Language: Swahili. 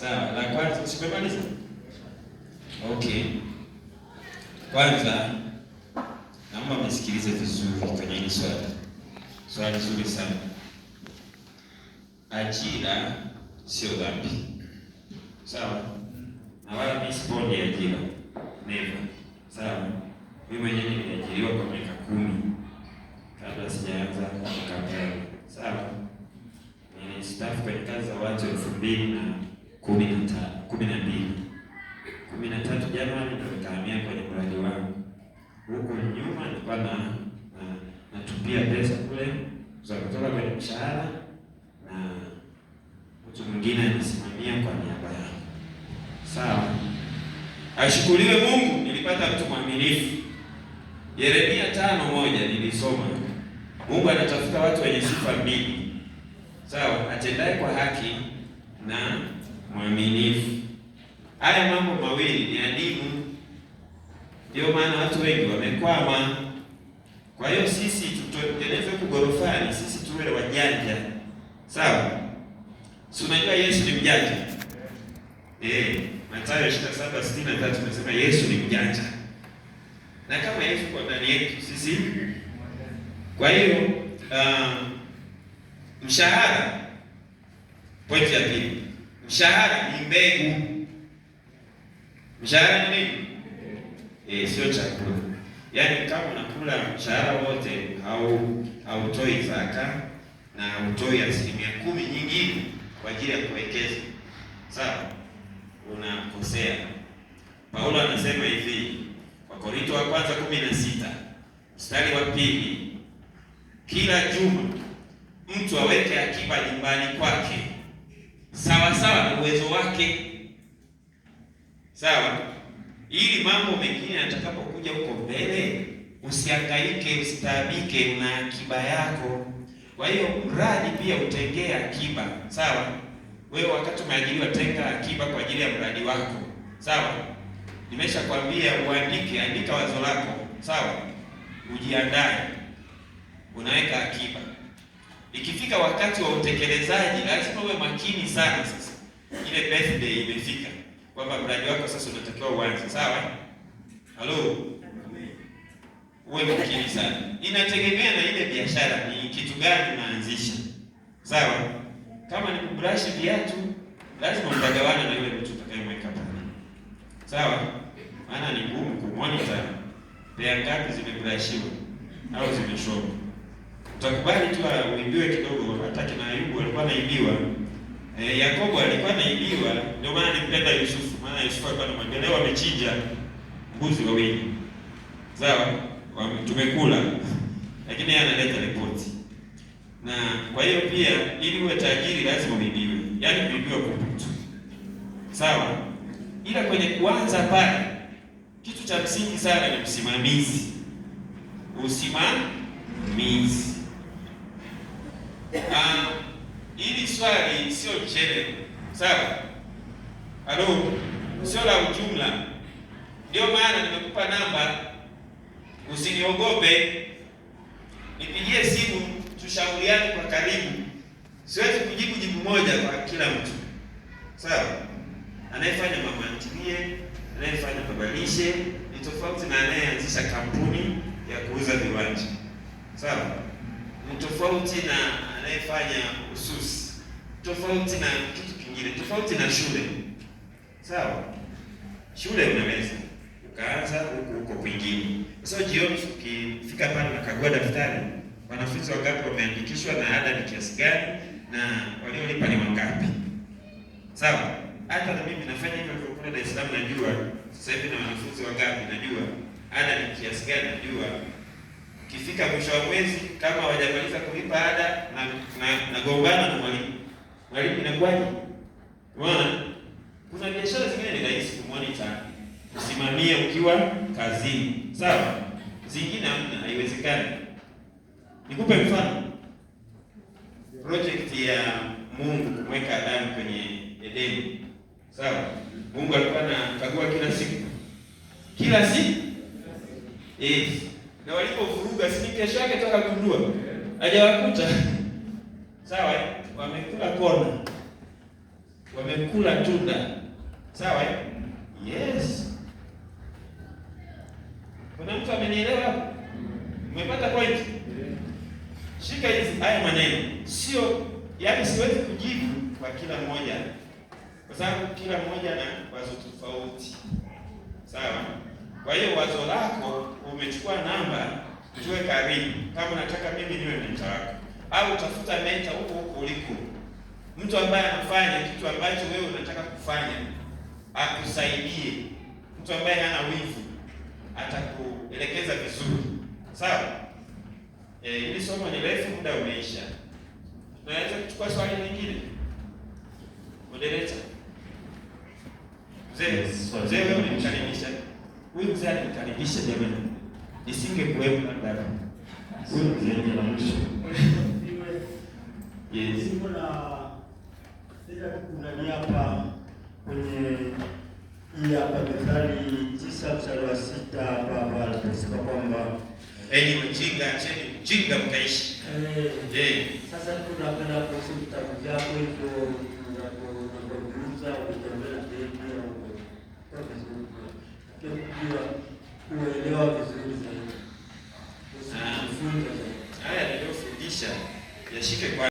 Sawa, la kwanza usimemaliza? Okay. Kwanza naomba msikilize vizuri kwenye hili swali. Swali zuri sana. Ajira sio dhambi. Sawa? Na wala mimi sipondi ajira. Never. Sawa? Mimi mwenyewe nimeajiriwa kwa miaka kumi kabla sijaanza kazi. Sawa? Nilistaafu kwenye kazi za watu elfu mbili na kumi na tatu kumi na mbili kumi na tatu jamani, ndio nikahamia kwenye mradi wangu. Huko nyuma nilikuwa na natupia na pesa kule za kutoka kwenye mshahara na mtu mwingine anasimamia kwa niaba yangu. Sawa, ashukuriwe Mungu, nilipata mtu mwaminifu. Yeremia tano moja nilisoma, Mungu anatafuta watu wenye sifa mbili, sawa, atendaye kwa haki na mwaminifu. Haya mambo mawili ni adimu, ndio maana watu wengi wamekwama. Kwa hiyo sisi tutengenezwe huku gorofani, sisi tuwe wajanja, sawa? Si unajua Yesu ni mjanja eh? Mathayo 27:63 tumesema Yesu ni mjanja, na kama Yesu kwa ndani yetu sisi. Kwa hiyo um, mshahara, pointi ya pili Mshahara ni mbegu. Mshahara ni nini? Eh, eh, sio chakula. Yaani kama unakula mshahara wote au hautoi zaka na hautoi asilimia kumi nyingine kwa ajili ya kuwekeza, sawa, unakosea. Paulo anasema hivi korinto wa kwanza kumi na sita mstari wa pili, kila juma mtu aweke akiba nyumbani kwake sawa sawa na uwezo wake. Sawa, ili mambo mengine yatakapokuja huko mbele usiangaike, usitaabike, una akiba yako. Kwa hiyo mradi pia utengee akiba. Sawa, wewe wakati umeajiriwa, tenga akiba kwa ajili ya mradi wako. Sawa, nimeshakwambia uandike, andika wazo lako. Sawa, ujiandae, unaweka akiba. Ikifika wakati wa utekelezaji, lazima uwe makini sana. Sasa ile birthday imefika, kwamba mradi wako sasa unatakiwa uanze. Sawa, halo, uwe makini sana. Inategemea na ile biashara ni kitu gani unaanzisha. Sawa, kama ni kubrush viatu, lazima mtagawana na yule mtu utakayemweka pale. Sawa, maana ni ngumu kumonitor sana pea ngapi zimebrashiwa au zimeshonwa Utakubali tu uibiwe kidogo, hata kina Ayubu alikuwa anaibiwa. E, Yakobo alikuwa anaibiwa, ndio maana nimpenda Yusufu, maana Yusufu alikuwa anamwambia leo wamechinja mbuzi wawili. Sawa? Tumekula. Lakini yeye analeta ripoti. Na kwa hiyo pia ili uwe tajiri lazima uibiwe. Yaani kuibiwa kuputu. Sawa? Ila kwenye kuanza pale kitu cha msingi sana ni msimamizi. Usimamizi. swali sio general, sawa? Halo, sio la ujumla. Ndio maana nimekupa namba, usiniogope, nipigie simu, tushauriane kwa karibu. Siwezi kujibu jibu moja kwa kila mtu, sawa? Anayefanya mama ntilie, anayefanya babalishe ni tofauti na anayeanzisha kampuni ya kuuza viwanja, sawa? Ni tofauti na anayefanya ususi tofauti na kitu kingine, tofauti na shule. Sawa, shule unaweza ukaanza huko huko kwingine. Sasa jioni ukifika pale unakagua daftari, wanafunzi wangapi wameandikishwa na ada ni kiasi gani na waliolipa ni wangapi. Sawa, hata na mimi nafanya hivyo kwa kule Dar es Salaam, najua sasa hivi na wanafunzi wangapi, najua ada ni kiasi gani, najua ukifika mwisho wa mwezi kama hawajamaliza kulipa ada na nagombana na mwalimu Mwalimu inakuwaje? Unaona? Kuna biashara zingine ni rahisi kumonita, kusimamia ukiwa kazini. Sawa? Zingine hamna, haiwezekani. Nikupe mfano. Project ya Mungu kumweka Adamu kwenye Edeni. Sawa? Mungu alikuwa anakagua kila siku. Kila siku? Eh. Na walipovuruga, si biashara yake toka kundua. Hajawakuta sawa, eh? wamekula kona, wamekula tunda, sawa. Eh? Yes, kuna mtu amenielewa Umepata point? Shika hizi haya maneno, sio yaani, siwezi kujibu kwa kila mmoja, kwa sababu kila mmoja na wazo tofauti, sawa. Kwa hiyo wazo lako umechukua namba, tuwe karibu. Kama nataka mimi niwe mentor wako au tafuta mentor huko huko uliko, mtu ambaye anafanya kitu ambacho wewe unataka kufanya akusaidie. Mtu ambaye hana wivu atakuelekeza vizuri, sawa? E, eh, ili somo ni refu, muda umeisha. Tunaweza kuchukua swali lingine, moderator. Mzee, mzee wewe unimkaribisha huyu mzee alimkaribisha jamani, nisingekuwepo labda huyu mzee la mwisho Yes. Jimbo la Kurani hapa kwenye hii hapa Methali tisa mstari wa sita hapa anasema kwamba enyi mjinga, acheni mjinga mtaishi. Eh. Eh. Sasa tunapenda kuhusu vitabu vyako hivyo